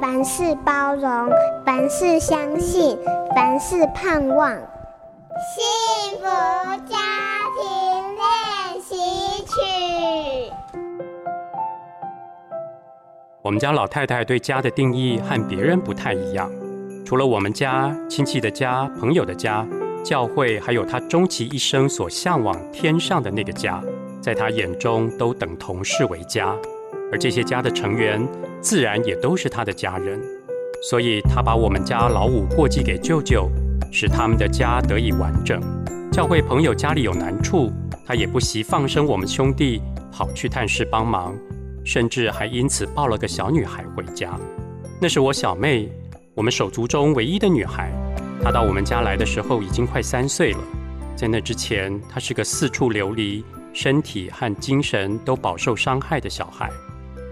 凡事包容，凡事相信，凡事盼望。幸福家庭練習曲。我們家老太太對家的定義和別人不太一樣，除了我們家、親戚的家、朋友的家、教會，還有她終其一生所向往天上的那個家，在她眼中都等同視為家。而這些家的成員。自然也都是他的家人，所以他把我們家老五過繼給舅舅，使他們的家得以完整。教會朋友家裡有難處，他也不惜放生我們兄弟，跑去探視幫忙，甚至還因此抱了個小女孩回家。那是我小妹，我們手足中唯一的女孩。她到我們家來的時候已經快三歲了，在那之前，她是個四處流離、身體和精神都飽受傷害的小孩。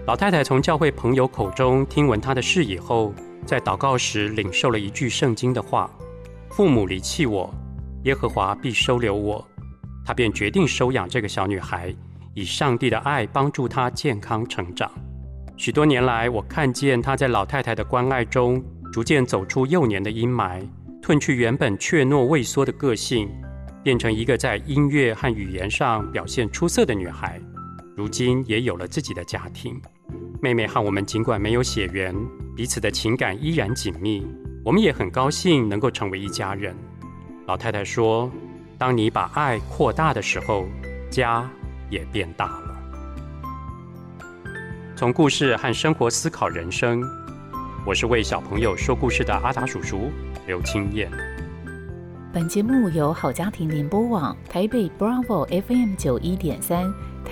老太太從教會朋友口中聽聞她的事以後，在禱告時領受了一句聖經的話：“父母離棄我，耶和華必收留我。”她便決定收養這個小女孩，以上帝的愛幫助她健康成長。許多年來，我看見她在老太太的關愛中，逐漸走出幼年的陰霾，褪去原本怯懦畏縮的個性，變成一個在音樂和語言上表現出色的女孩。如今也有了自己的家庭，妹妹和我們儘管沒有血緣，彼此的情感依然緊密。我們也很高興能夠成為一家人。老太太說：“當你把愛擴大的時候，家也變大了。”從故事和生活思考人生，我是為小朋友說故事的阿達叔叔劉清彥。本節目由好家庭聯播網台北 Bravo FM 九一點三。